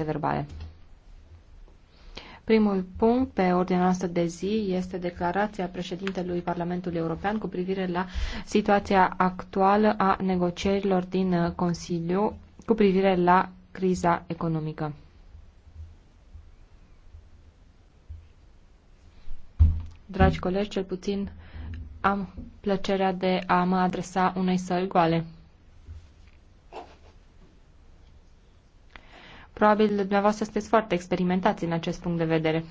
procesele verbale. Primul punct pe ordinea noastră de zi este declarația președintelui Parlamentului European cu privire la situația actuală a negocierilor din uh, Consiliu cu privire la criza economică. Dragi colegi, cel puțin am plăcerea de a mă adresa unei săli goale. Probabil dumneavoastră sunteți foarte experimentați în acest punct de vedere.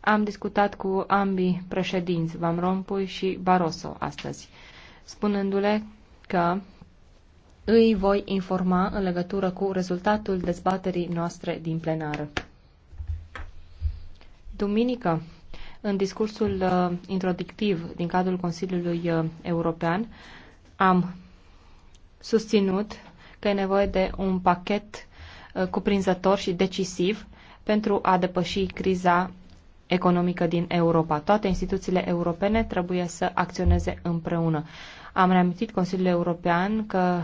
Am discutat cu ambii președinți, Van Rompuy și Barroso, astăzi, spunându-le că îi voi informa în legătură cu rezultatul dezbaterii noastre din plenară. Duminică, în discursul uh, introductiv din cadrul Consiliului uh, European, am susținut că e nevoie de un pachet uh, cuprinzător și decisiv pentru a depăși criza economică din Europa. Toate instituțiile europene trebuie să acționeze împreună. Am reamintit Consiliul European că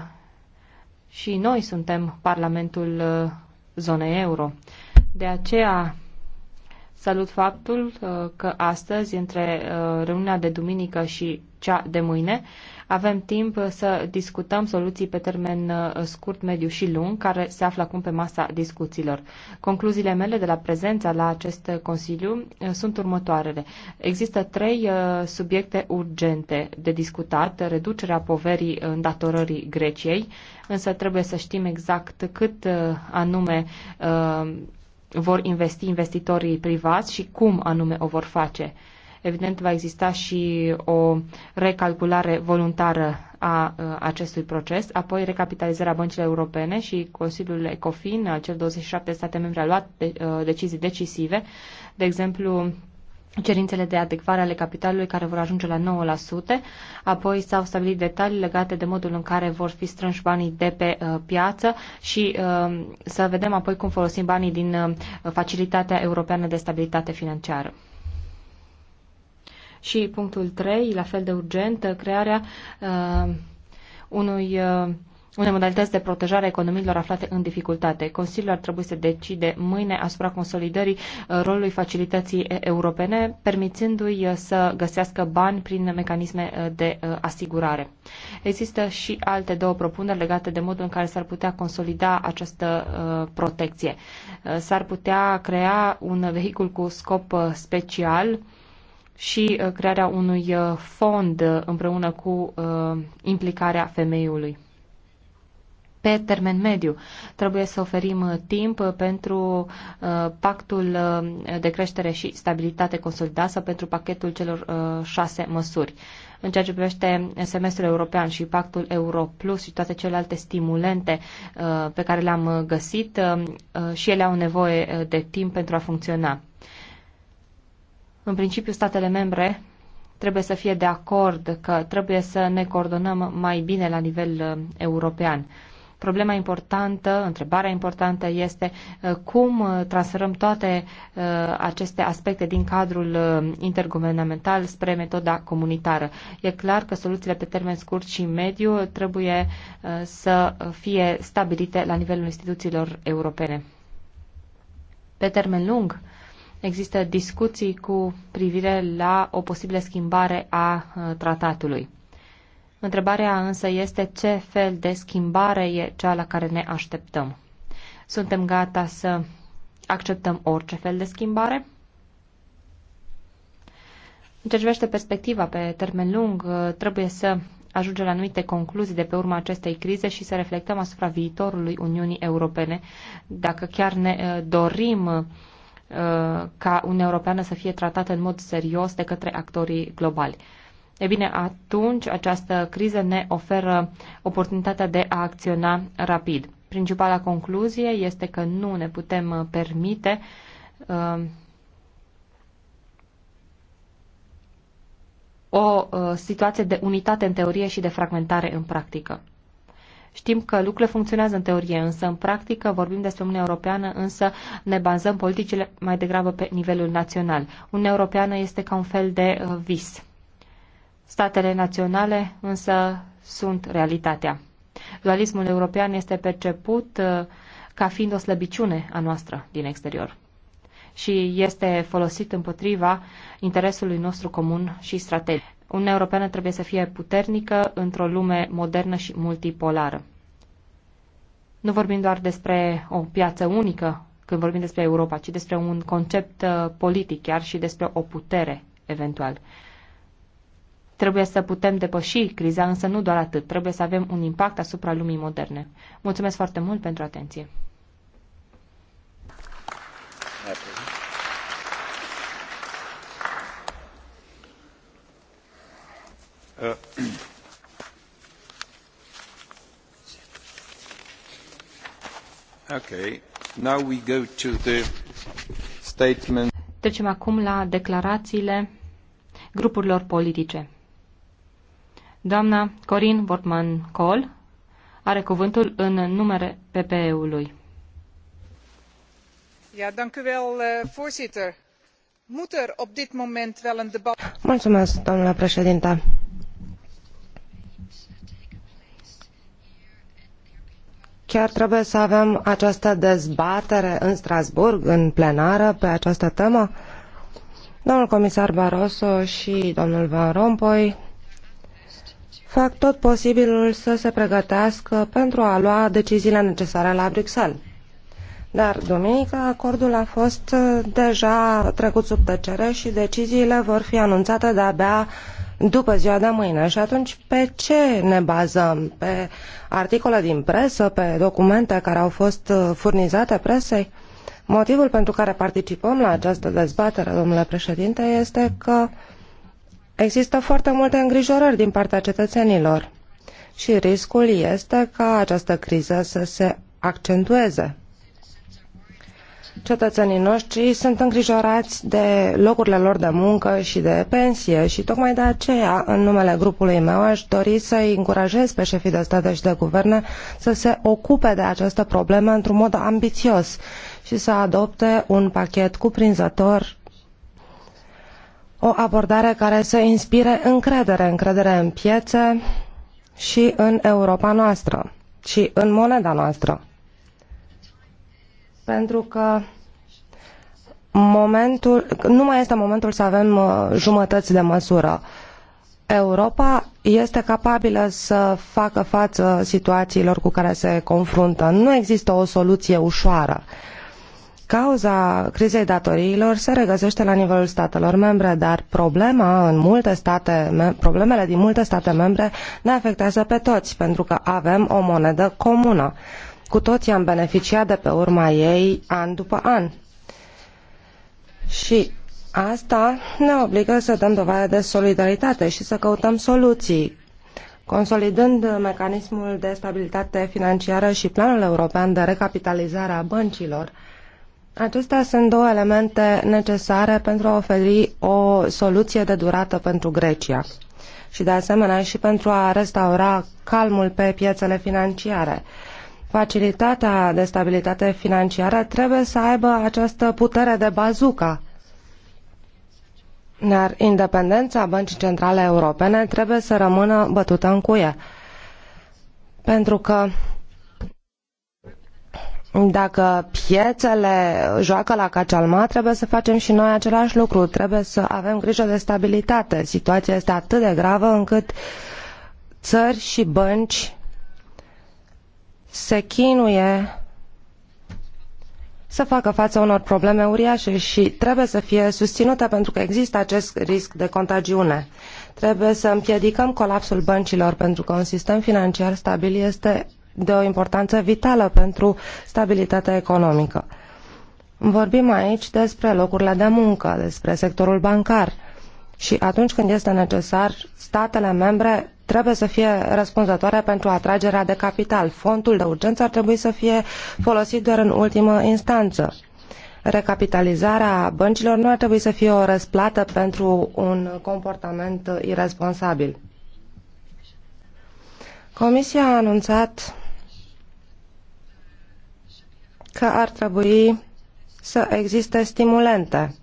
și noi suntem Parlamentul uh, zonei euro. De aceea Salut faptul uh, că astăzi, între uh, reuniunea de duminică și cea de mâine, avem timp să discutăm soluții pe termen uh, scurt, mediu și lung, care se află acum pe masa discuțiilor. Concluziile mele de la prezența la acest Consiliu sunt următoarele. Există trei subiecte urgente de discutat. Reducerea poverii îndatorării Greciei, însă trebuie să știm exact cât anume vor investi investitorii privați și cum anume o vor face. Evident, va exista și o recalculare voluntară a acestui proces, apoi recapitalizarea băncilor europene și Consiliul ECOFIN, al cel 27 state membre, a luat decizii decisive, de exemplu, cerințele de adecvare ale capitalului care vor ajunge la 9%, apoi s-au stabilit detalii legate de modul în care vor fi strânși banii de pe uh, piață și uh, să vedem apoi cum folosim banii din uh, Facilitatea Europeană de Stabilitate Financiară. Și punctul 3, la fel de urgent, crearea uh, unui uh, unele modalități de protejare a economiilor aflate în dificultate. Consiliul ar trebui să decide mâine asupra consolidării uh, rolului facilității uh, europene, permițându-i uh, să găsească bani prin mecanisme de asigurare. Există și alte două propuneri legate de modul în care s-ar putea consolida această protecție. S-ar putea crea un vehicul cu scop special și crearea unui fond împreună cu implicarea femeiului pe termen mediu. Trebuie să oferim uh, timp uh, pentru uh, pactul de creștere și stabilitate consolidat sau pentru pachetul celor șase măsuri. În ceea ce privește semestrul european și pactul Euro Plus și toate celelalte stimulente pe care le-am găsit, și ele au nevoie de timp pentru a funcționa. În principiu, statele membre trebuie să fie de acord că trebuie să ne coordonăm mai bine la nivel european Problema importantă, întrebarea importantă este uh, cum uh, transferăm toate uh, aceste aspecte din cadrul interguvernamental spre metoda comunitară. E clar că soluțiile pe termen scurt și mediu trebuie să fie stabilite la nivelul instituțiilor europene. Pe termen lung, există discuții cu privire la o posibilă schimbare a tratatului. Întrebarea însă este ce fel de schimbare e cea la care ne așteptăm. Suntem gata să acceptăm orice fel de schimbare? În ce privește perspectiva pe termen lung, trebuie să ajungem la anumite concluzii de pe urma acestei crize și să reflectăm asupra viitorului Uniunii Europene, dacă chiar ne uh, dorim uh, ca Uniunea Europeană să fie tratată în mod serios de către actorii globali e bine, atunci această criză ne oferă oportunitatea de a acționa rapid. Principala concluzie este că nu ne putem uh, permite uh, o uh, situație de unitate în teorie și de fragmentare în practică. Știm că lucrurile funcționează în teorie, însă în practică vorbim despre Uniunea Europeană, însă ne bazăm politicile mai degrabă pe nivelul național. Uniunea Europeană este ca un fel de uh, vis. Statele naționale însă sunt realitatea. Dualismul european este perceput uh, ca fiind o slăbiciune a noastră din exterior și este folosit împotriva interesului nostru comun și strategic. Uniunea Europeană trebuie să fie puternică într-o lume modernă și multipolară. Nu vorbim doar despre o piață unică când vorbim despre Europa, ci despre un concept uh, politic chiar și despre o putere eventual. Trebuie să putem depăși criza, însă nu doar atât. Trebuie să avem un impact asupra lumii moderne. Mulțumesc foarte mult pentru atenție. Uh, okay. Now we go to the statement. Trecem acum la declarațiile grupurilor politice. Doamna Corin Bortman Col are cuvântul în numere PPE-ului. Ja, dank u wel, eh, voorzitter. Moet er op dit moment wel een debat... Mulțumesc, domnule președinte. Chiar trebuie să avem această dezbatere în Strasburg, în plenară, pe această temă? Domnul comisar Barroso și domnul Van Rompuy fac tot posibilul să se pregătească pentru a lua deciziile necesare la Bruxelles. Dar duminică acordul a fost uh, deja trecut sub tăcere și deciziile vor fi anunțate de-abia după ziua de mâine. Și atunci pe ce ne bazăm? Pe articole din presă, pe documente care au fost uh, furnizate presei? Motivul pentru care participăm la această dezbatere, domnule președinte, este că uh, Există foarte multe îngrijorări din partea cetățenilor și riscul este ca această criză să se accentueze. Cetățenii noștri sunt îngrijorați de locurile lor de muncă și de pensie și tocmai de aceea, în numele grupului meu, aș dori să-i încurajez pe șefii de state și de guverne să se ocupe de această problemă într-un mod ambițios și să adopte un pachet cuprinzător o abordare care să inspire încredere, încredere în piețe și în Europa noastră și în moneda noastră. Pentru că momentul, nu mai este momentul să avem uh, jumătăți de măsură. Europa este capabilă să facă față situațiilor cu care se confruntă. Nu există o soluție ușoară cauza crizei datoriilor se regăsește la nivelul statelor membre, dar problema în multe state, problemele din multe state membre ne afectează pe toți, pentru că avem o monedă comună. Cu toții am beneficiat de pe urma ei an după an. Și asta ne obligă să dăm dovadă de solidaritate și să căutăm soluții Consolidând mecanismul de stabilitate financiară și planul european de recapitalizare a băncilor, Acestea sunt două elemente necesare pentru a oferi o soluție de durată pentru Grecia și de asemenea și pentru a restaura calmul pe piețele financiare. Facilitatea de stabilitate financiară trebuie să aibă această putere de bazuca iar independența Băncii Centrale Europene trebuie să rămână bătută în cuie. Pentru că dacă piețele joacă la cacalma, trebuie să facem și noi același lucru. Trebuie să avem grijă de stabilitate. Situația este atât de gravă încât țări și bănci se chinuie să facă față unor probleme uriașe și trebuie să fie susținute pentru că există acest risc de contagiune. Trebuie să împiedicăm colapsul băncilor pentru că un sistem financiar stabil este de o importanță vitală pentru stabilitatea economică. Vorbim aici despre locurile de muncă, despre sectorul bancar și atunci când este necesar, statele membre trebuie să fie răspunzătoare pentru atragerea de capital. Fondul de urgență ar trebui să fie folosit doar în ultimă instanță. Recapitalizarea băncilor nu ar trebui să fie o răsplată pentru un comportament irresponsabil. Comisia a anunțat că ar trebui să existe stimulente.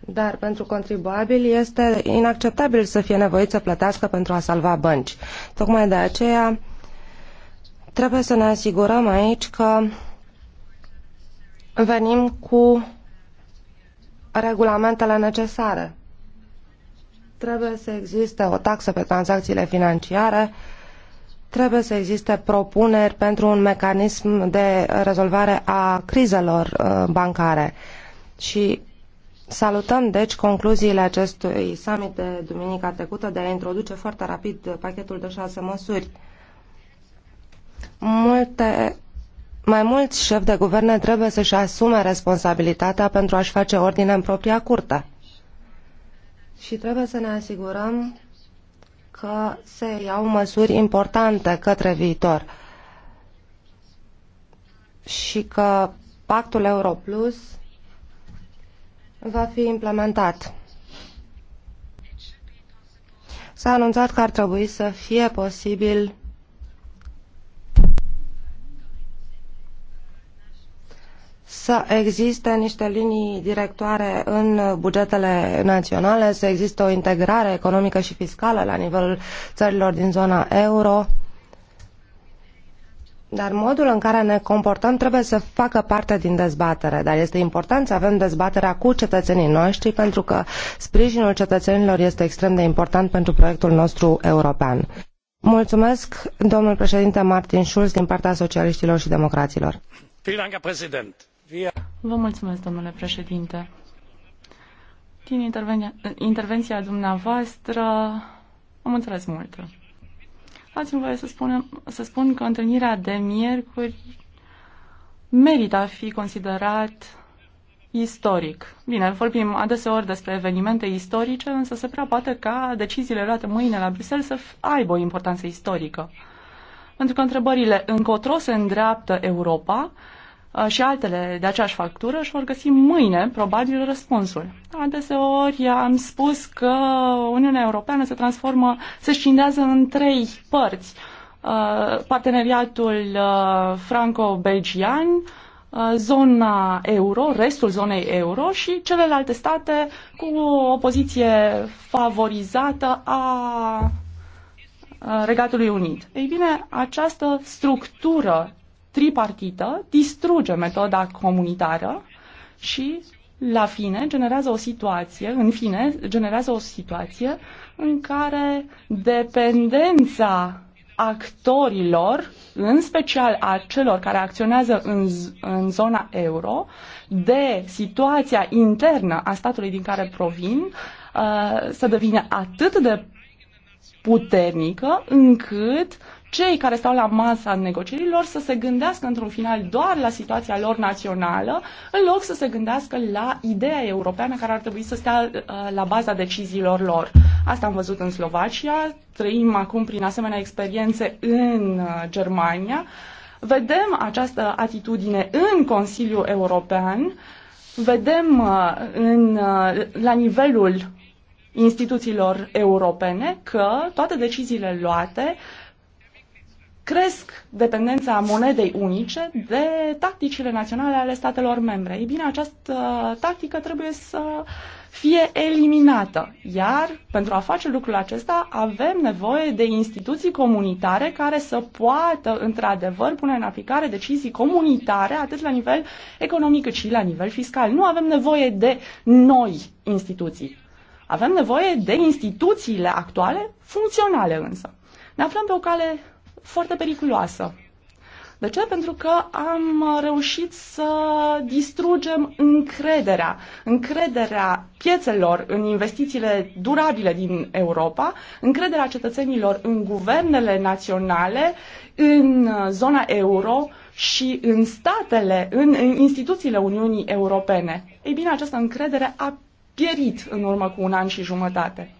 Dar pentru contribuabil este inacceptabil să fie nevoit să plătească pentru a salva bănci. Tocmai de aceea trebuie să ne asigurăm aici că venim cu regulamentele necesare. Trebuie să existe o taxă pe tranzacțiile financiare Trebuie să existe propuneri pentru un mecanism de rezolvare a crizelor uh, bancare. Și Salutăm, deci, concluziile acestui summit de duminica trecută de a introduce foarte rapid pachetul de șase măsuri. Multe, mai mulți șefi de guverne trebuie să-și asume responsabilitatea pentru a-și face ordine în propria curte. Și trebuie să ne asigurăm că se iau măsuri importante către viitor și că pactul Euro Plus va fi implementat. S-a anunțat că ar trebui să fie posibil să existe niște linii directoare în bugetele naționale, să existe o integrare economică și fiscală la nivelul țărilor din zona euro. Dar modul în care ne comportăm trebuie să facă parte din dezbatere, dar este important să avem dezbaterea cu cetățenii noștri pentru că sprijinul cetățenilor este extrem de important pentru proiectul nostru european. Mulțumesc, domnul președinte Martin Schulz din partea socialiștilor și democraților. Vielen Dank, Herr Präsident Vă mulțumesc, domnule președinte. Din intervenția, dumneavoastră am înțeles multe. Ați mi voie să, spunem, să spun că întâlnirea de miercuri merită a fi considerat istoric. Bine, vorbim adeseori despre evenimente istorice, însă se prea poate ca deciziile luate mâine la Bruxelles să aibă o importanță istorică. Pentru că întrebările încotro se îndreaptă Europa Uh, și altele de aceeași factură și vor găsi mâine, probabil, răspunsul. Adeseori am spus că Uniunea Europeană se transformă, se scindează în trei părți. Uh, parteneriatul uh, franco-belgian, zona euro, restul zonei euro și celelalte state cu o poziție favorizată a Regatului Unit. Ei bine, această structură tripartită distruge metoda comunitară și la fine generează o situație, în fine, generează o situație în care dependența actorilor, în special a celor care acționează în, în zona euro, de situația internă a statului din care provin, uh, să devine atât de puternică încât cei care stau la masa negocierilor să se gândească într-un final doar la situația lor națională, în loc să se gândească la ideea europeană care ar trebui să stea uh, la baza deciziilor lor. Asta am văzut în Slovacia, trăim acum prin asemenea experiențe în uh, Germania. Vedem această atitudine în Consiliul European, vedem uh, în, la nivelul instituțiilor europene că toate deciziile luate cresc dependența monedei unice de tacticile naționale ale statelor membre. Ei bine, această tactică trebuie să fie eliminată. Iar pentru a face lucrul acesta avem nevoie de instituții comunitare care să poată într-adevăr pune în aplicare decizii comunitare atât la nivel economic cât și la nivel fiscal. Nu avem nevoie de noi instituții. Avem nevoie de instituțiile actuale funcționale însă. Ne aflăm pe o cale foarte periculoasă. De ce? Pentru că am reușit să distrugem încrederea, încrederea piețelor în investițiile durabile din Europa, încrederea cetățenilor în guvernele naționale, în zona euro și în statele, în, în instituțiile Uniunii Europene. Ei bine, această încredere a pierit în urmă cu un an și jumătate.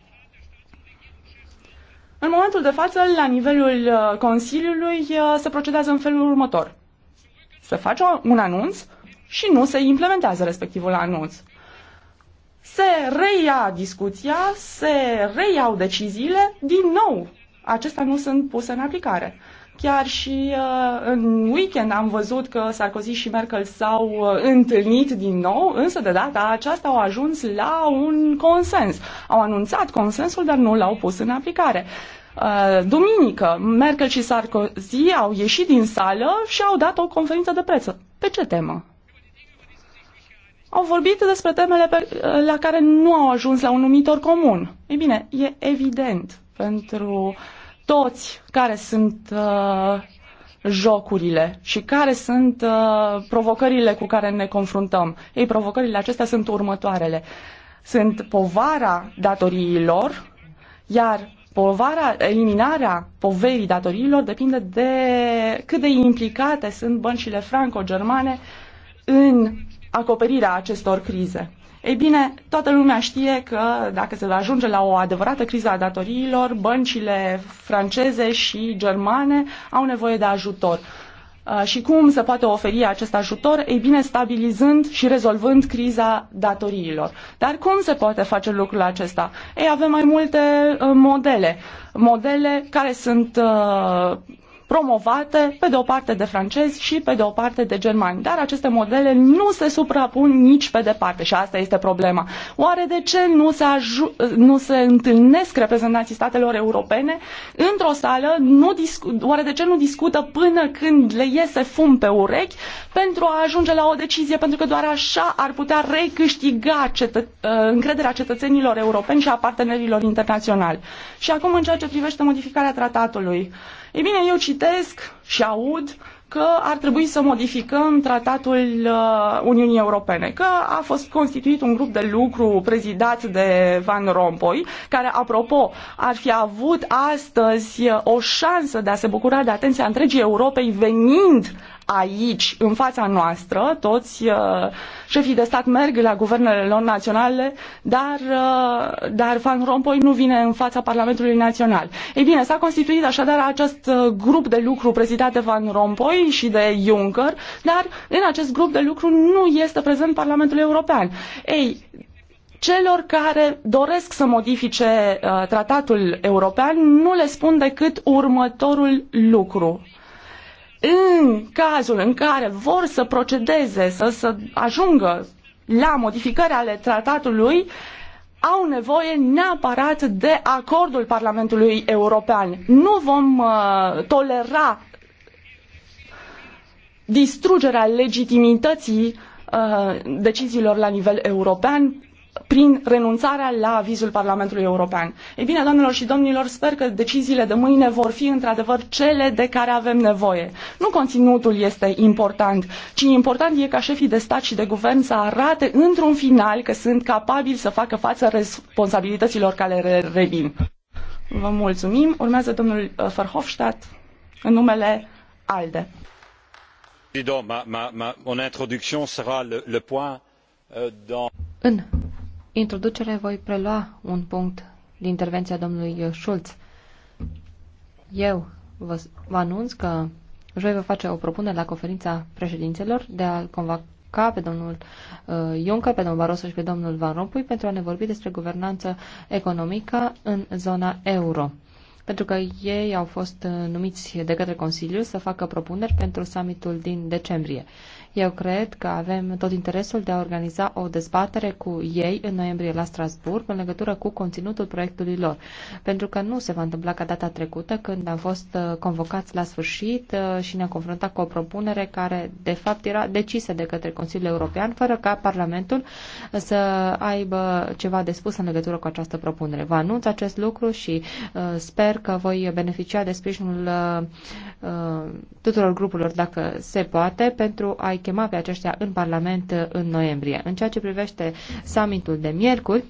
În momentul de față, la nivelul uh, Consiliului, uh, se procedează în felul următor. Se face un anunț și nu se implementează respectivul anunț. Se reia discuția, se reiau deciziile, din nou, acestea nu sunt puse în aplicare. Chiar și uh, în weekend am văzut că Sarkozy și Merkel s-au uh, întâlnit din nou, însă de data aceasta au ajuns la un consens. Au anunțat consensul, dar nu l-au pus în aplicare. Uh, duminică, Merkel și Sarkozy au ieșit din sală și au dat o conferință de presă. Pe ce temă? Au vorbit despre temele pe, la care nu au ajuns la un numitor comun. Ei bine, e evident pentru uh, toți care sunt uh, jocurile și care sunt uh, provocările cu care ne confruntăm. Ei, provocările acestea sunt următoarele. Sunt povara datoriilor, iar povara, eliminarea poverii datoriilor depinde de cât de implicate sunt băncile franco-germane în acoperirea acestor crize. Ei bine, toată lumea știe că dacă se va ajunge la o adevărată criză a datoriilor, băncile franceze și germane au nevoie de ajutor. Uh, și cum se poate oferi acest ajutor? Ei bine, stabilizând și rezolvând criza datoriilor. Dar cum se poate face lucrul acesta? Ei, avem mai multe uh, modele. Modele care sunt uh, promovate pe de o parte de francezi și pe de o parte de germani. Dar aceste modele nu se suprapun nici pe departe și asta este problema. Oare de ce nu se, nu se întâlnesc reprezentanții statelor europene într-o sală, nu oare de ce nu discută până când le iese fum pe urechi pentru a ajunge la o decizie, pentru că doar așa ar putea recâștiga cetă- uh, încrederea cetățenilor europeni și a partenerilor internaționali. Și acum în ceea ce privește modificarea tratatului. Uh, ei bine, eu citesc și aud că ar trebui să modificăm tratatul uh, Uniunii Europene, că a fost constituit un grup de lucru prezidat de Van Rompuy, care, apropo, ar fi avut astăzi uh, o șansă de a se bucura de atenția întregii Europei venind aici, în fața noastră, toți uh, șefii de stat merg la guvernele lor naționale, dar, uh, dar Van Rompuy nu vine în fața Parlamentului Național. Ei bine, s-a constituit așadar acest uh, grup de lucru prezidat de Van Rompuy și de Juncker, dar în acest grup de lucru nu este prezent Parlamentul European. Ei, celor care doresc să modifice uh, tratatul european nu le spun decât următorul lucru în cazul în care vor să procedeze, să, să ajungă la modificări ale tratatului, au nevoie neapărat de acordul Parlamentului European. Nu vom uh, tolera distrugerea legitimității uh, deciziilor la nivel european prin renunțarea la avizul Parlamentului European. Ei bine, doamnelor și domnilor, sper că deciziile de mâine vor fi într-adevăr cele de care avem nevoie. Nu conținutul este important, ci important e ca șefii de stat și de guvern să arate într-un final că sunt capabili să facă față responsabilităților care le revin. Vă mulțumim. Urmează domnul uh, Verhofstadt în numele ALDE. Ma, ma, ma, introduction sera le, le point euh, dans... În introducere voi prelua un punct din intervenția domnului Schulz. Eu vă, vă anunț că joi vă face o propunere la conferința președinților de a-l convoca pe domnul uh, Juncker, pe domnul Barroso și pe domnul Van Rompuy pentru a ne vorbi despre guvernanță economică în zona euro pentru că ei au fost uh, numiți de către Consiliu să facă propuneri pentru summitul din decembrie. Eu cred că avem tot interesul de a organiza o dezbatere cu ei în noiembrie la Strasburg în legătură cu conținutul proiectului lor. Pentru că nu se va întâmpla ca data trecută când am fost uh, convocați la sfârșit uh, și ne-am confruntat cu o propunere care de fapt era decisă de către Consiliul European fără ca Parlamentul să aibă ceva de spus în legătură cu această propunere. Vă anunț acest lucru și uh, sper că voi beneficia de sprijinul tuturor grupurilor dacă se poate pentru a chema pe aceștia în Parlament uh, în noiembrie. În ceea ce privește summitul de miercuri,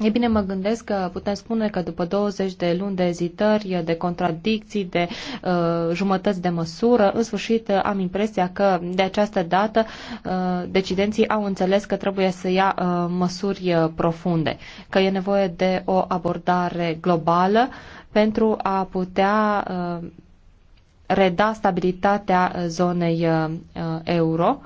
E bine, mă gândesc că putem spune că după 20 de luni de ezitări, de contradicții, de uh, jumătăți de măsură, în sfârșit uh, am impresia că de această dată uh, decidenții au înțeles că trebuie să ia uh, măsuri uh, profunde, că e nevoie de o abordare globală pentru a putea uh, reda stabilitatea uh, zonei uh, uh, euro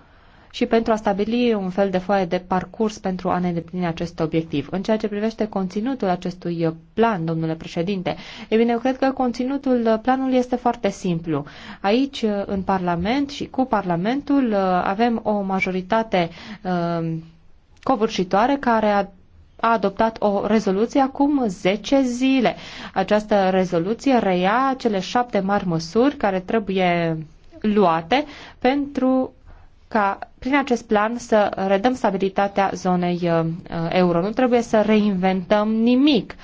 și pentru a stabili un fel de foaie de parcurs pentru a ne îndeplini acest obiectiv. În ceea ce privește conținutul acestui plan, domnule președinte, e bine, eu cred că conținutul planului este foarte simplu. Aici, în Parlament și cu Parlamentul, avem o majoritate covârșitoare care a a adoptat o rezoluție acum 10 zile. Această rezoluție reia cele șapte mari măsuri care trebuie luate pentru ca prin acest plan să redăm stabilitatea zonei uh, euro. Nu trebuie să reinventăm nimic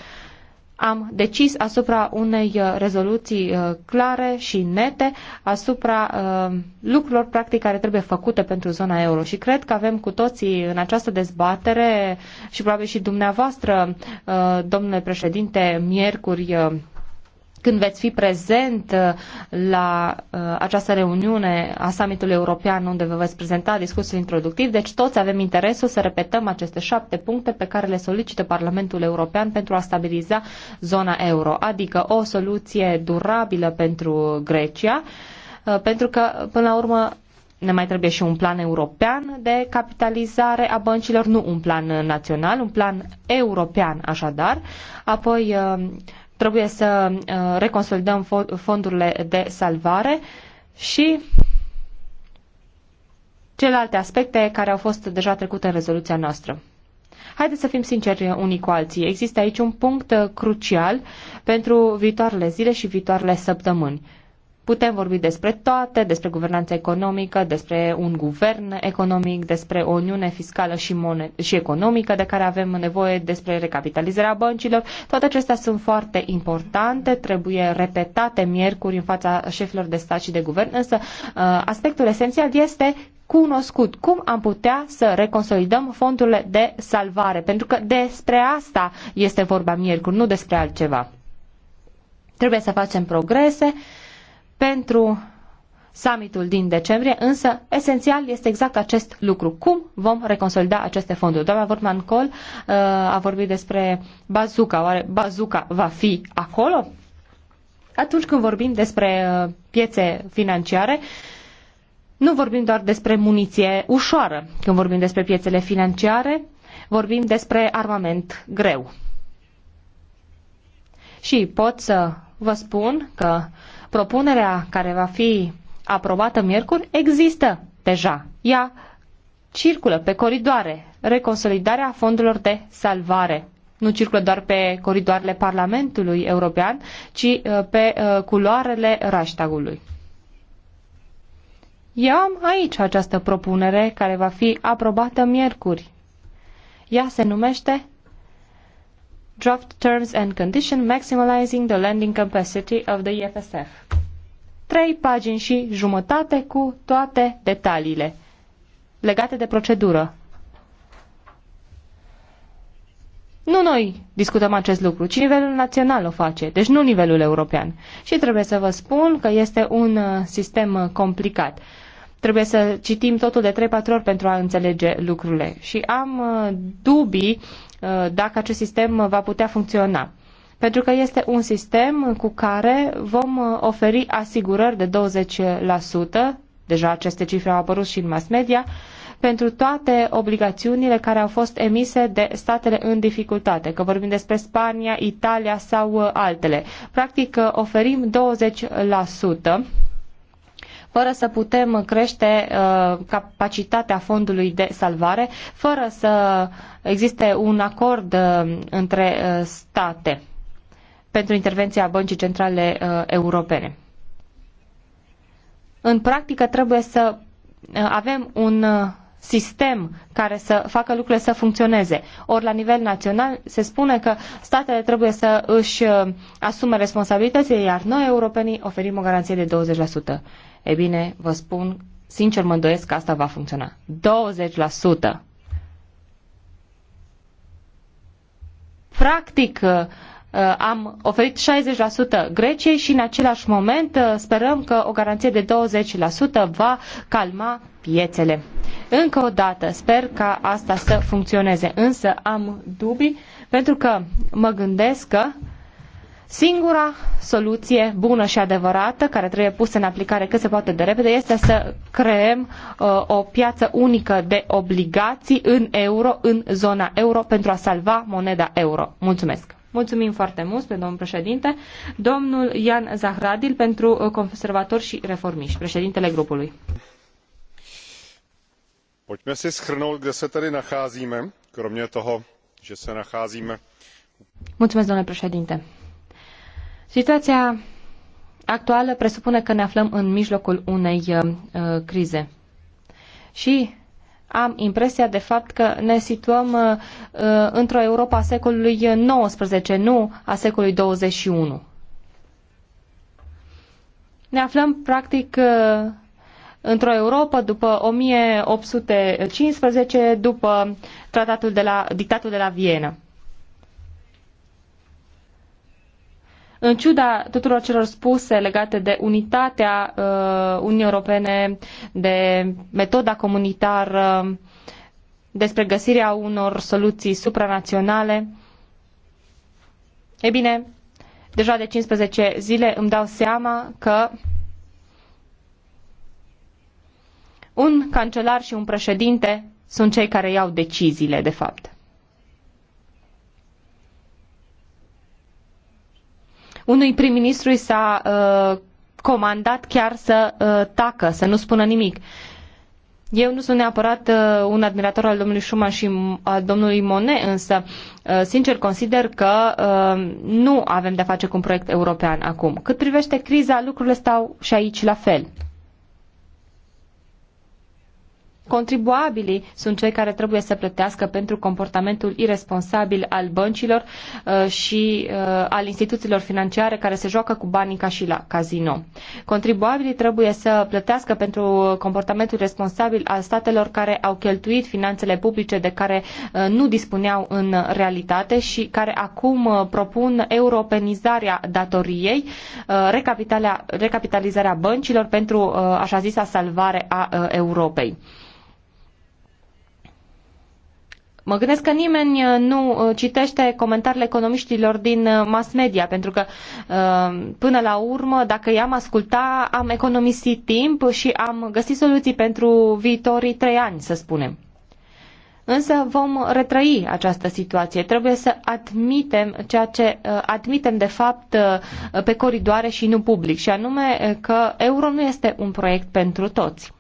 am decis asupra unei uh, rezoluții uh, clare și nete asupra uh, lucrurilor practic care trebuie făcute pentru zona euro și cred că avem cu toții în această dezbatere și probabil și dumneavoastră, domnule președinte, miercuri când veți fi prezent uh, la uh, această reuniune a summitului european unde vă veți prezenta discursul introductiv. Deci toți avem interesul să repetăm aceste șapte puncte pe care le solicită Parlamentul European pentru a stabiliza zona euro, adică o soluție durabilă pentru Grecia, uh, pentru că, până la urmă, ne mai trebuie și un plan european de capitalizare a băncilor, nu un plan național, un plan european așadar, apoi Trebuie să uh, reconsolidăm fondurile de salvare și celelalte aspecte care au fost deja trecute în rezoluția noastră. Haideți să fim sinceri unii cu alții. Există aici un punct uh, crucial pentru viitoarele zile și viitoarele săptămâni. Putem vorbi despre toate, despre guvernanța economică, despre un guvern economic, despre o uniune fiscală și, monet- și economică de care avem nevoie, despre recapitalizarea băncilor. Toate acestea sunt foarte importante, trebuie repetate miercuri în fața șefilor de stat și de guvern, însă uh, aspectul esențial este cunoscut cum am putea să reconsolidăm fondurile de salvare, pentru că despre asta este vorba miercuri, nu despre altceva. Trebuie să facem progrese, pentru summitul din decembrie, însă esențial este exact acest lucru. Cum vom reconsolida aceste fonduri? Doamna Vortman Col uh, a vorbit despre bazuca. Oare bazuca va fi acolo? Atunci când vorbim despre uh, piețe financiare, nu vorbim doar despre muniție ușoară. Când vorbim despre piețele financiare, vorbim despre armament greu. Și pot să vă spun că uh, propunerea care va fi aprobată miercuri există deja. Ea circulă pe coridoare, reconsolidarea fondurilor de salvare. Nu circulă doar pe coridoarele Parlamentului European, ci uh, pe uh, culoarele raștagului. Eu am aici această propunere care va fi aprobată miercuri. Ea se numește draft terms and conditions maximizing the lending capacity of the EFSF. Trei pagini și jumătate cu toate detaliile legate de procedură. Nu noi discutăm acest lucru, ci nivelul național o face, deci nu nivelul european. Și trebuie să vă spun că este un uh, sistem uh, complicat. Trebuie să citim totul de 3-4 ori pentru a înțelege lucrurile. Și am uh, dubii Uh, dacă acest sistem va putea funcționa. Pentru că este un sistem cu care vom uh, oferi asigurări de 20%, deja aceste cifre au apărut și în mass media, pentru toate obligațiunile care au fost emise de statele în dificultate, că vorbim despre Spania, Italia sau uh, altele. Practic oferim 20% fără să putem crește uh, capacitatea fondului de salvare, fără să existe un acord uh, între uh, state pentru intervenția Băncii Centrale Europene. În practică trebuie să avem un sistem care să facă lucrurile să funcționeze. Ori la nivel național se spune că statele trebuie să își uh, asume responsabilitățile, iar noi, europenii, oferim o garanție de 20%. E bine, vă spun, sincer mă îndoiesc că asta va funcționa. 20%! Practic, uh, Uh, am oferit 60% Greciei și în același moment uh, sperăm că o garanție de 20% va calma piețele. Încă o dată, sper ca asta să funcționeze, însă am dubii pentru că mă gândesc că Singura soluție bună și adevărată care trebuie pusă în aplicare cât se poate de repede este să creăm uh, o piață unică de obligații în euro, în zona euro, pentru a salva moneda euro. Mulțumesc! Mulțumim foarte mult, spre domnul președinte, domnul Ian Zahradil pentru uh, conservator și reformiști, președintele grupului. Pojďme si schrnout, kde se tady nacházíme, kromě toho, že se nacházíme. Mulțumesc, domnule președinte. Situația actuală presupune că ne aflăm în mijlocul unei uh, crize. Și am impresia de fapt că ne situăm uh, uh într-o Europa a secolului XIX, nu a secolului 21. Ne aflăm practic uh, într-o Europa după 1815, după tratatul de la, dictatul de la Viena. În ciuda tuturor celor spuse legate de unitatea uh, Uniunii Europene, de metoda comunitară, despre găsirea unor soluții supranaționale, e bine, deja de 15 zile îmi dau seama că un cancelar și un președinte sunt cei care iau deciziile, de fapt. unui prim-ministru i s-a uh, comandat chiar să uh, tacă, să nu spună nimic. Eu nu sunt neapărat uh, un admirator al domnului Schumann și mm, al domnului Monet, însă, uh, sincer, consider că uh, nu avem de-a face cu un proiect european acum. Cât privește criza, lucrurile stau și aici la fel. Contribuabilii sunt cei care trebuie să plătească pentru comportamentul irresponsabil al băncilor uh, și uh, al instituțiilor financiare care se joacă cu banii ca și la casino. Contribuabilii trebuie să plătească pentru comportamentul responsabil al statelor care au cheltuit finanțele publice de care uh, nu dispuneau în realitate și care acum propun europenizarea datoriei, recapitalizarea băncilor pentru așa zisa salvare a Europei. Mă gândesc că nimeni uh, nu uh, citește comentariile economiștilor din uh, mass media, pentru că până la urmă, dacă i-am asculta, am economisit timp și am găsit soluții pentru viitorii trei ani, să spunem. Însă vom retrăi această situație. Trebuie să admitem ceea ce admitem de fapt pe coridoare și nu public, și anume că euro nu este un proiect pentru toți.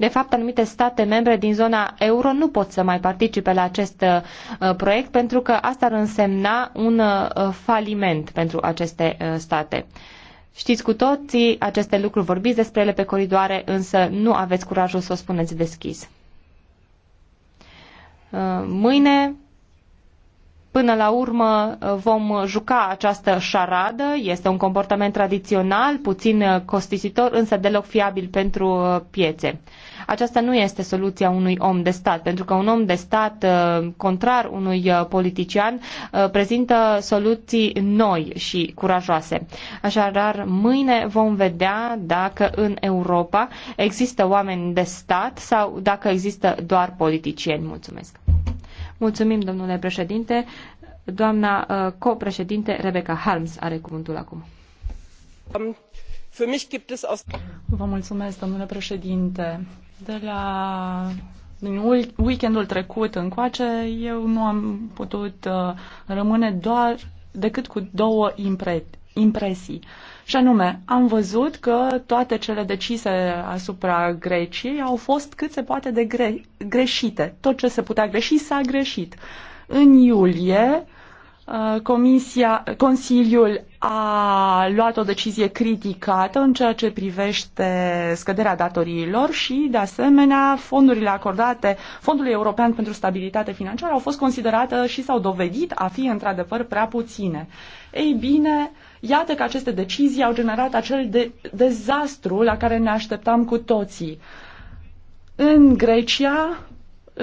De fapt, anumite state membre din zona euro nu pot să mai participe la acest uh, proiect pentru că asta ar însemna un uh, faliment pentru aceste uh, state. Știți cu toții aceste lucruri, vorbiți despre ele pe coridoare, însă nu aveți curajul să o spuneți deschis. Mâine Până la urmă uh, vom juca această șaradă, este un comportament tradițional, puțin uh, costisitor, însă deloc fiabil pentru uh, piețe. Aceasta nu este soluția unui om de stat, pentru că un om de stat, contrar unui politician, prezintă soluții noi și curajoase. Așadar, mâine vom vedea dacă în Europa există oameni de stat sau dacă există doar politicieni. Mulțumesc! Mulțumim, domnule președinte. Doamna uh, copreședinte Rebecca Harms are cuvântul acum. Um, Vă mulțumesc, domnule președinte. De la din weekendul trecut încoace, eu nu am putut uh, rămâne doar decât cu două impre- impresii. Și anume, am văzut că toate cele decise asupra Greciei au fost cât se poate de gre- greșite. Tot ce se putea greși s-a greșit. În iulie, uh, Comisia, Consiliul a luat o decizie criticată în ceea ce privește scăderea datoriilor și, de asemenea, fondurile acordate Fondului European pentru Stabilitate Financiară au fost considerate și s-au dovedit a fi, într-adevăr, prea puține. Ei bine, Iată că aceste decizii au generat acel de- dezastru la care ne așteptam cu toții. În Grecia,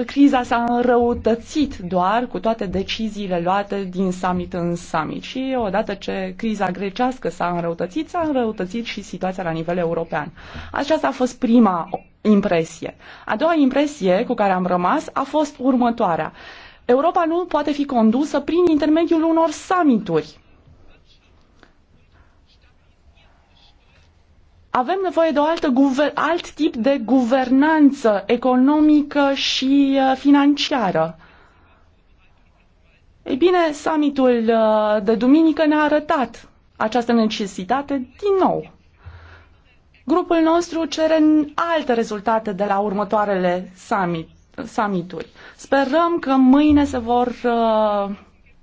criza s-a înrăutățit doar cu toate deciziile luate din summit în summit și odată ce criza grecească s-a înrăutățit, s-a înrăutățit și situația la nivel european. Aceasta a fost prima impresie. A doua impresie cu care am rămas a fost următoarea. Europa nu poate fi condusă prin intermediul unor summituri. avem nevoie de o altă guver- alt tip de guvernanță economică și uh, financiară. Ei bine, summitul uh, de duminică ne-a arătat această necesitate din nou. Grupul nostru cere alte rezultate de la următoarele summit, summituri. Sperăm că mâine se vor uh,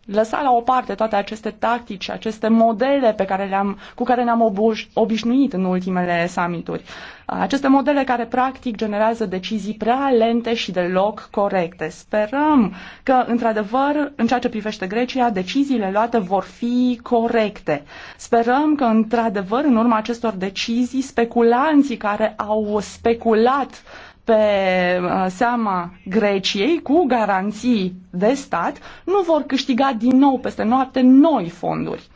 lăsa la o parte toate aceste tactici, aceste modele pe care le-am, cu care ne-am obișnuit în ultimele summituri. Aceste modele care practic generează decizii prea lente și deloc corecte. Sperăm că, într-adevăr, în ceea ce privește Grecia, deciziile luate vor fi corecte. Sperăm că, într-adevăr, în urma acestor decizii, speculanții care au speculat pe uh, seama Greciei cu garanții de stat nu vor câștiga din nou peste noapte noi fonduri.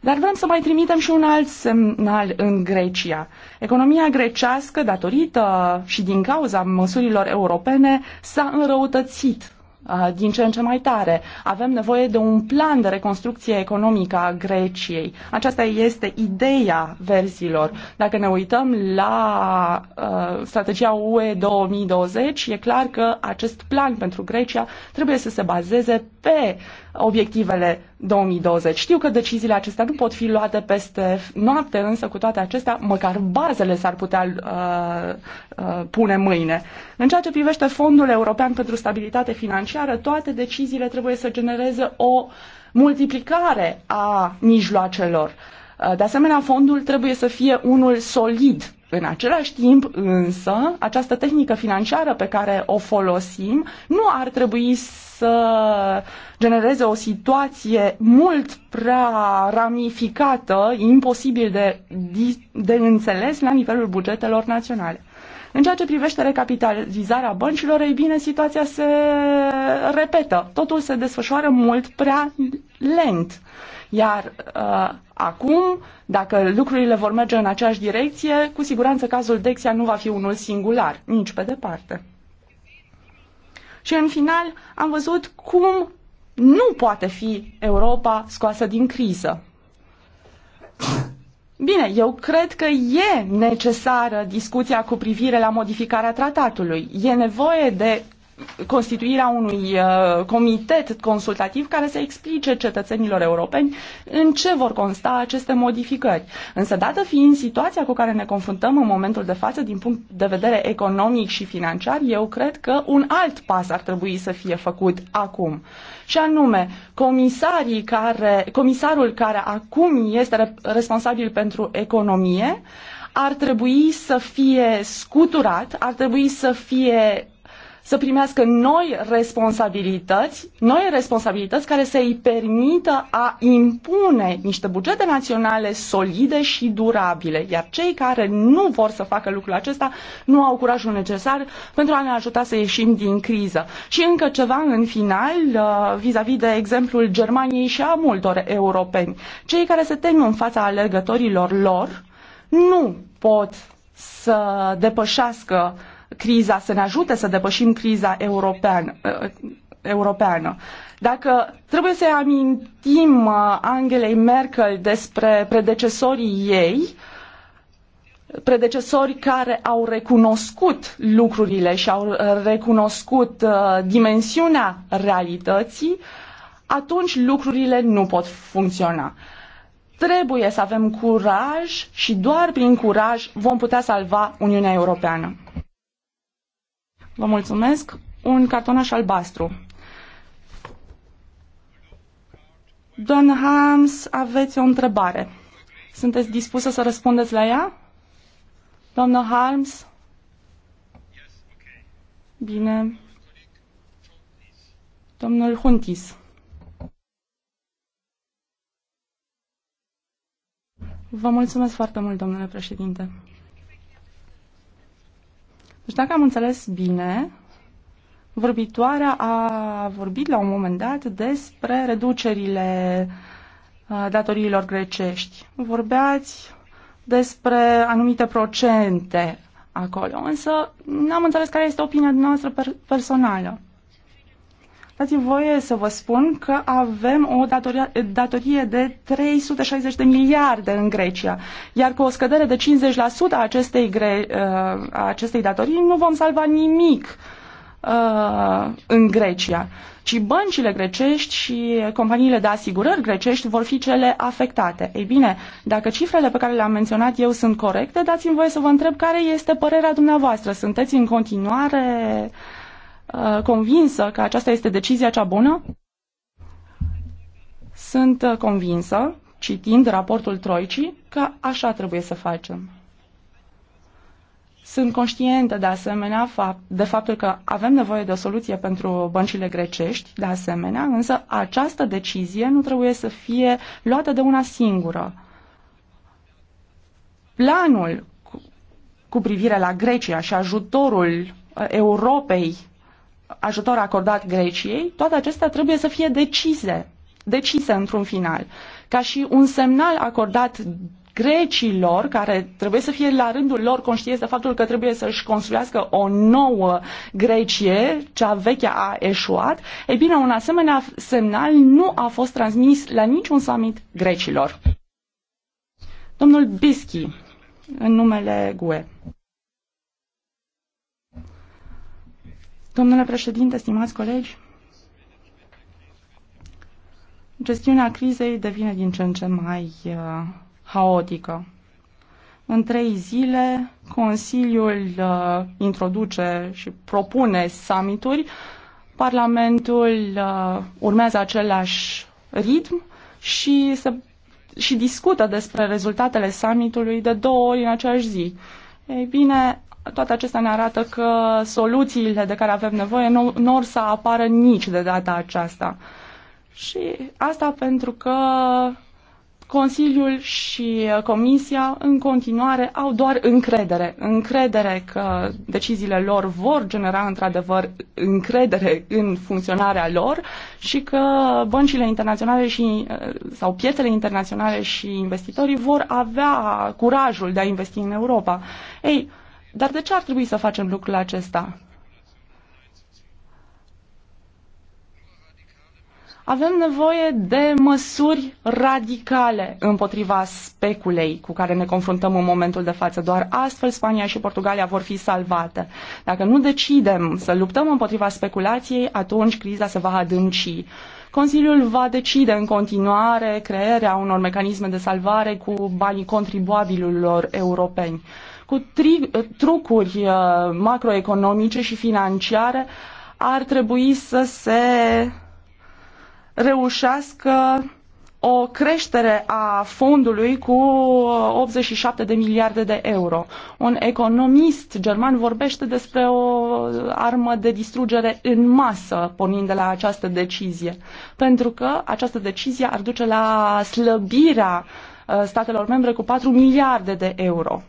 Dar vrem să mai trimitem și un alt semnal în Grecia. Economia grecească, datorită și din cauza măsurilor europene, s-a înrăutățit din ce în ce mai tare. Avem nevoie de un plan de reconstrucție economică a Greciei. Aceasta este ideea verzilor. Dacă ne uităm la uh, strategia UE 2020, e clar că acest plan pentru Grecia trebuie să se bazeze pe obiectivele 2020. Știu că deciziile acestea nu pot fi luate peste noapte, însă cu toate acestea, măcar bazele s-ar putea uh, uh, pune mâine. În ceea ce privește Fondul European pentru Stabilitate Financiară, toate deciziile trebuie să genereze o multiplicare a mijloacelor. Uh, de asemenea, fondul trebuie să fie unul solid în același timp, însă, această tehnică financiară pe care o folosim nu ar trebui să genereze o situație mult prea ramificată, imposibil de, de înțeles la nivelul bugetelor naționale. În ceea ce privește recapitalizarea băncilor, ei bine, situația se repetă. Totul se desfășoară mult prea lent. Iar uh, acum, dacă lucrurile vor merge în aceeași direcție, cu siguranță cazul Dexia nu va fi unul singular, nici pe departe. Și în final am văzut cum nu poate fi Europa scoasă din criză. Bine, eu cred că e necesară discuția cu privire la modificarea tratatului. E nevoie de constituirea unui uh, comitet consultativ care să explice cetățenilor europeni în ce vor consta aceste modificări. Însă, dată fiind situația cu care ne confruntăm în momentul de față din punct de vedere economic și financiar, eu cred că un alt pas ar trebui să fie făcut acum. Și anume, comisarii care, comisarul care acum este responsabil pentru economie ar trebui să fie scuturat, ar trebui să fie să primească noi responsabilități, noi responsabilități care să îi permită a impune niște bugete naționale solide și durabile, iar cei care nu vor să facă lucrul acesta nu au curajul necesar pentru a ne ajuta să ieșim din criză. Și încă ceva în final, uh, vis-a-vis -vis de exemplul Germaniei și a multor europeni. Cei care se tem în fața alergătorilor lor nu pot să depășească uh, criza, să ne ajute să depășim criza europeană. Uh, europeană. Dacă trebuie să amintim uh, Angelei Merkel despre predecesorii ei, predecesori care au recunoscut lucrurile și au uh, recunoscut dimensiunea realității, atunci lucrurile nu pot funcționa. Trebuie să avem curaj și doar prin curaj vom putea salva Uniunea Europeană. Vă mulțumesc. Un cartonaș albastru. Doamna Hams, aveți o întrebare. Sunteți dispusă să răspundeți la ea? Doamna Harms? Bine. Domnul Huntis. Vă mulțumesc foarte mult, domnule președinte. Deci dacă am înțeles bine, vorbitoarea a vorbit la un moment dat despre reducerile uh, datoriilor grecești. Vorbeați despre anumite procente acolo, însă n-am înțeles care este opinia noastră per- personală. Dați-mi voie să vă spun că avem o datorie de 360 de miliarde în Grecia, iar cu o scădere de 50% a acestei, gre, uh, a acestei datorii nu vom salva nimic uh, în Grecia, Și băncile grecești și companiile de asigurări grecești vor fi cele afectate. Ei bine, dacă cifrele pe care le-am menționat eu sunt corecte, dați-mi voie să vă întreb care este părerea dumneavoastră. Sunteți în continuare uh, Uh, convinsă că aceasta este decizia cea bună? Sunt uh, convinsă, citind raportul Troicii, că așa trebuie să facem. Sunt conștientă de asemenea de faptul că avem nevoie de o soluție pentru băncile grecești, de asemenea, însă această decizie nu trebuie să fie luată de una singură. Planul cu privire la Grecia și ajutorul uh, Europei ajutor acordat Greciei, toate acestea trebuie să fie decise, decise într-un final, ca și un semnal acordat grecilor, care trebuie să fie la rândul lor conștienți de faptul că trebuie să-și construiască o nouă Grecie, cea veche a eșuat, ei bine, un asemenea semnal nu a fost transmis la niciun summit grecilor. Domnul Bischi, în numele GUE. Domnule președinte, stimați colegi, gestiunea crizei devine din ce în ce mai uh, haotică. În trei zile, Consiliul uh, introduce și propune summituri, Parlamentul uh, urmează același ritm și, se, și discută despre rezultatele summitului de două ori în aceeași zi. Ei bine, toate acestea ne arată că soluțiile de care avem nevoie nu, nu or să apară nici de data aceasta. Și asta pentru că Consiliul și Comisia în continuare au doar încredere. Încredere că deciziile lor vor genera într-adevăr încredere în funcționarea lor și că băncile internaționale și, sau piețele internaționale și investitorii vor avea curajul de a investi în Europa. Ei, dar de ce ar trebui să facem lucrul acesta? Avem nevoie de măsuri radicale împotriva speculei cu care ne confruntăm în momentul de față. Doar astfel Spania și Portugalia vor fi salvate. Dacă nu decidem să luptăm împotriva speculației, atunci criza se va adânci. Consiliul va decide în continuare crearea unor mecanisme de salvare cu banii contribuabililor europeni cu tri- trucuri uh, macroeconomice și financiare ar trebui să se reușească o creștere a fondului cu 87 de miliarde de euro. Un economist german vorbește despre o armă de distrugere în masă, pornind de la această decizie, pentru că această decizie ar duce la slăbirea uh, statelor membre cu 4 miliarde de euro.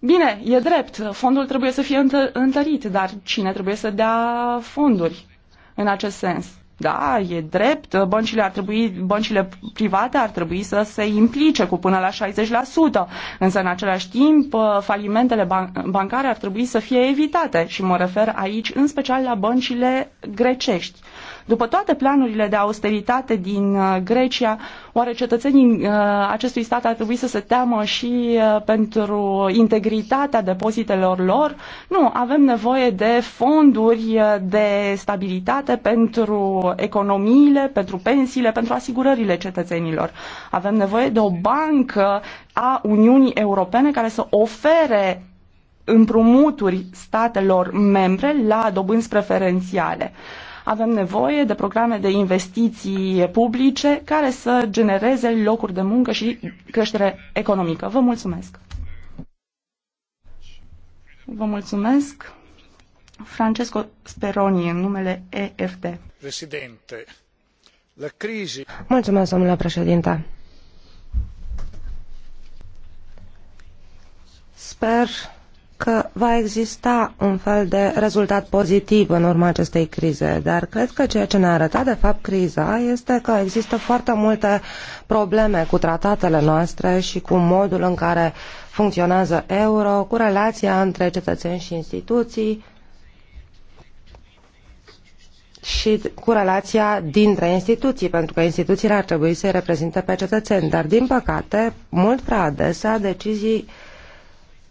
Bine, e drept, fondul trebuie să fie întărit, dar cine trebuie să dea fonduri în acest sens? Da, e drept, băncile, ar trebui, băncile private ar trebui să se implice cu până la 60%, însă în același timp uh, falimentele ban- bancare ar trebui să fie evitate și mă refer aici în special la băncile grecești. Uh, după toate planurile de austeritate din uh, Grecia, oare cetățenii uh, acestui stat ar trebui să se teamă și uh, pentru integritatea depozitelor lor? Nu, avem nevoie de fonduri de stabilitate pentru economiile, pentru pensiile, pentru asigurările cetățenilor. Avem nevoie de o bancă a Uniunii Europene care să ofere împrumuturi statelor membre la dobânzi preferențiale. Avem nevoie de programe de investiții publice care să genereze locuri de muncă și creștere economică. Vă mulțumesc! Vă mulțumesc! Francesco Speroni, în numele EFD. Presidente, la crizi... Mulțumesc, domnule președinte. Sper că va exista un fel de rezultat pozitiv în urma acestei crize, dar cred că ceea ce ne-a arătat de fapt criza este că există foarte multe probleme cu tratatele noastre și cu modul în care funcționează euro, cu relația între cetățeni și instituții și cu relația dintre instituții, pentru că instituțiile ar trebui să-i reprezinte pe cetățeni, dar din păcate, mult prea adesea, decizii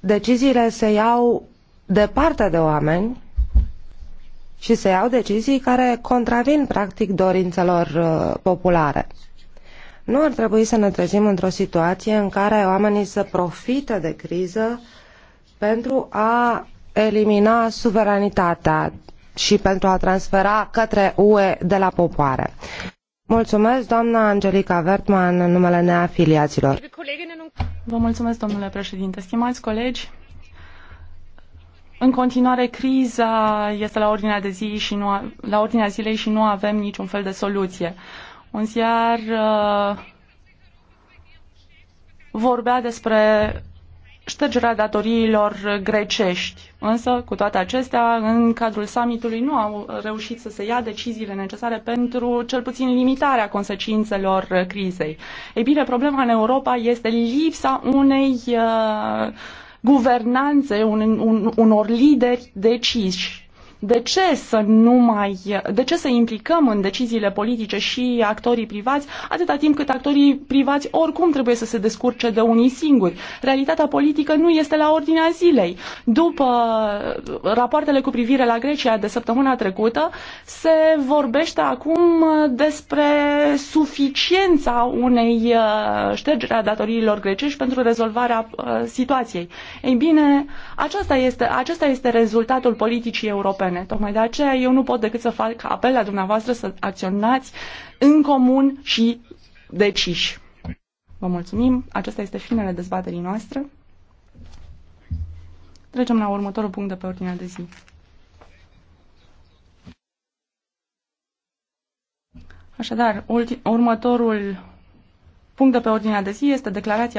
deciziile se iau departe de oameni și se iau decizii care contravin practic dorințelor uh, populare. Nu ar trebui să ne trezim într-o situație în care oamenii să profită de criză pentru a elimina suveranitatea și pentru a transfera către UE de la popoare. Mulțumesc, doamna Angelica Vertman, în numele neafiliaților. Vă mulțumesc, domnule președinte. Stimați colegi, în continuare, criza este la ordinea, de zi și nu a, la ordinea zilei și nu avem niciun fel de soluție. Un ziar uh, vorbea despre ștergerea datoriilor grecești. Însă, cu toate acestea, în cadrul summitului nu au reușit să se ia deciziile necesare pentru cel puțin limitarea consecințelor crizei. Ei bine, problema în Europa este lipsa unei uh, guvernanțe, un, un, unor lideri deciși de ce să nu mai, de ce să implicăm în deciziile politice și actorii privați atâta timp cât actorii privați oricum trebuie să se descurce de unii singuri? Realitatea politică nu este la ordinea zilei. După rapoartele cu privire la Grecia de săptămâna trecută, se vorbește acum despre suficiența unei uh, ștergeri a datoriilor grecești pentru rezolvarea uh, situației. Ei bine, acesta este, acesta este rezultatul politicii europene europene. Tocmai de aceea eu nu pot decât să fac apel la dumneavoastră să acționați în comun și deciși. Vă mulțumim. Acesta este finele dezbaterii noastre. Trecem la următorul punct de pe ordinea de zi. Așadar, următorul punct de pe ordinea de zi este declarația